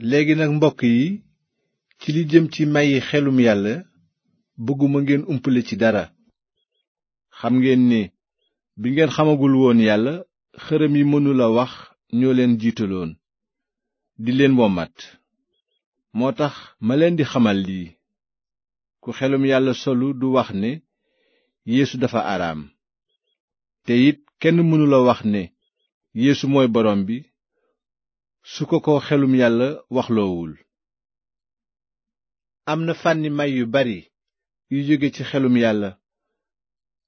léegi nag mbokk yi ci li jëm ci mayi xelum yàlla bëgguma ngeen umpale ci dara xam ngeen ne bi ngeen xamagul woon yàlla xërëm yi mënula wax ñoo leen jiitaloon di leen wommat moo tax ma leen di xamal lii ku xelum yàlla solu du wax ne yéesu dafa araam te it kenn mënula wax ne yéesu mooy borom bi su ko xelum yàlla waxloowul am na fànni may yu bari yu jóge ci xelum yàlla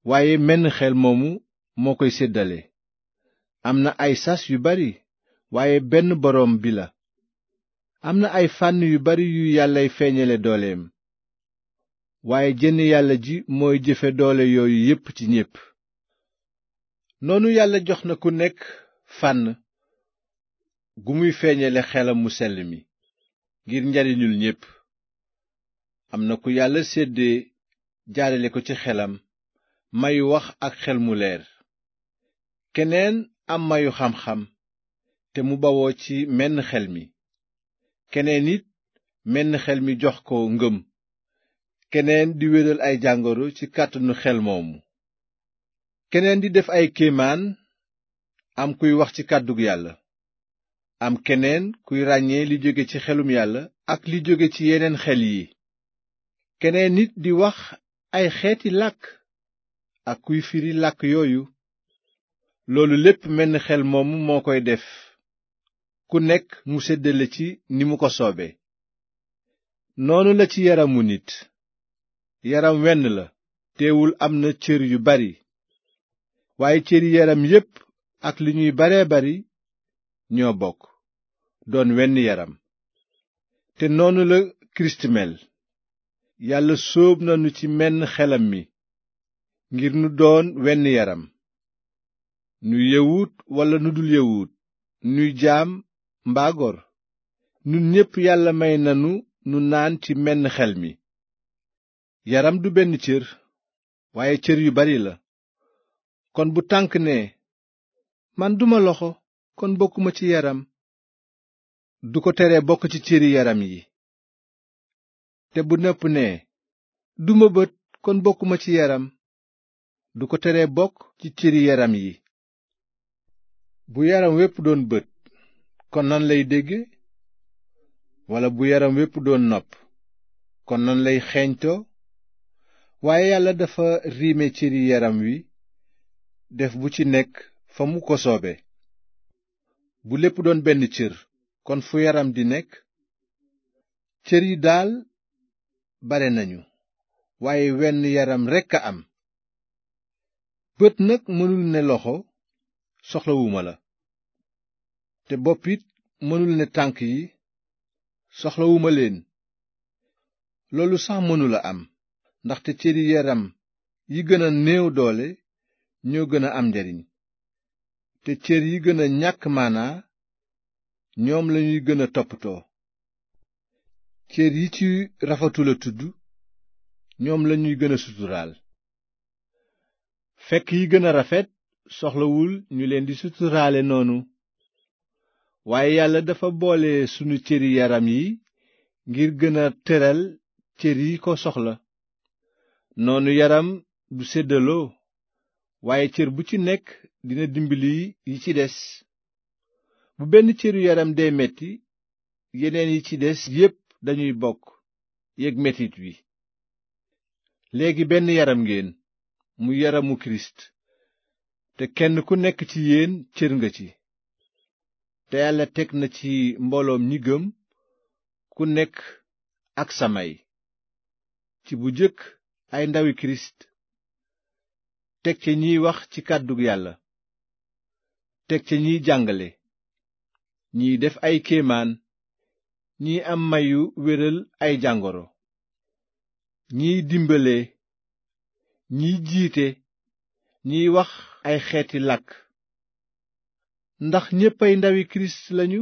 waaye menn xel moomu moo koy séddale am na ay sas yu bari waaye benn borom bi la am na ay fànn yu bari yu yàllay feeñale dooleem waaye jenn yàlla ji mooy jëfe doole yooyu yépp ci ñépp noonu yàlla jox na ku nekk fànn gu muy feeñale xelam mu sell mi ngir njariñul ñépp am na ku yàlla sédde jaarale ko ci xelam mayu wax ak xel mu leer keneen am mayu xam-xam te mu bawoo ci menn xel mi keneen it menn xel mi jox ko ngëm keneen di wéral ay jàngoro ci kàttanu xel moomu keneen di def ay kéemaan am kuy wax ci kàddug yàlla am keneen kuy ràññee li jóge ci xelum yàlla ak li jóge ci yeneen xel yi keneen nit di wax ay xeeti làkk ak kuy firi làkk yooyu loolu lépp menn xel moomu moo koy def ku nekk mu seddale ci ni mu ko soobe noonu la ci yaramu nit yaram wenn la teewul am na cër yu bari waaye cëri yaram yépp ak li ñuy baree bari ñoo bokk doon wenn yaram te noonu la kirist mel yàlla sóob nanu ci menn xelam mi ngir nu doon wenn yaram nuy yawut walla nu dul yawut nuy jaam mbaa gor nun ñépp yàlla may nanu nu naan ci menn xel mi yaram du benn cër waaye cër yu bari la kon bu tànk ne man duma loxo kon bokkuma ci yaram du ko tere bokk ci cëri yaram yi te bu nëpp ne du mbëbët kon bokkuma ci yaram du ko tere bokk ci cëri yaram yi bu yaram wépp doon bët kon nan lay dégg walla bu yaram wépp doon nopp kon nan lay xeeñtoo waaye yàlla dafa riime cëri yaram wi def bu ci nekk fa mu ko soobe bu lépp doon benn cër kon fu yaram di nekk cër yi daal bare nañu waaye wenn yaram rekk a am bët nag mënul ne loxo soxlawuma la te bopp it mënul ne tànk yi soxlawuma leen loolu sax mënula am ndaxte cëri yaram yi gën a néew doole ñoo gën a am njariñ te cër yi gën a ñàkk maana ñoom lañuy gën a toppatoo cër yi ci rafetul a tudd ñoom lañuy gën a suturaal fekk yi gën a rafet soxlawul ñu leen di suturaale noonu waaye yàlla dafa boole sunu cëri yaram yi ngir gën a teral cër yi ko soxla noonu yaram du séddaloo waaye cër bu ci nekk dina dimbali yi ci des bu benn cëru yaram dee metti yeneen yi ci des yépp dañuy bokk yéeg metit wi léegi benn yaram ngeen mu yaramu kirist te kenn ku nekk ci yéen cër nga ci te yàlla teg na ci mbooloom ñi gëm ku nekk ak samay ci bu jëkk ay ndawi kirist teg ci ñiy wax ci kàddu yàlla teg ca ñiy jàngale ñiy def ay kéemaan ñiy am mayu wéral ay jàngoro ñiy dimbale ñiy jiite ñiy wax ay xeeti làkk ndax ñépp ay ndawi kirist lañu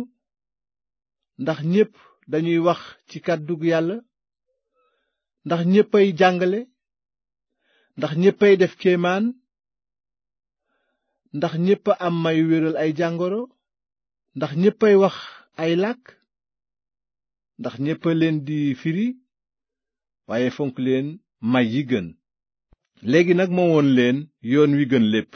ndax ñépp dañuy wax ci kàddug yàlla ndax ñépp ay jàngale ndax ñépp def kéemaan ndax ñépp am mayu wéral ay jàngoro ndax ñéppay wax ay làkk ndax ñépp leen di firi waaye fonk leen may yi gën léegi nag moo woon leen yoon wi gën lépp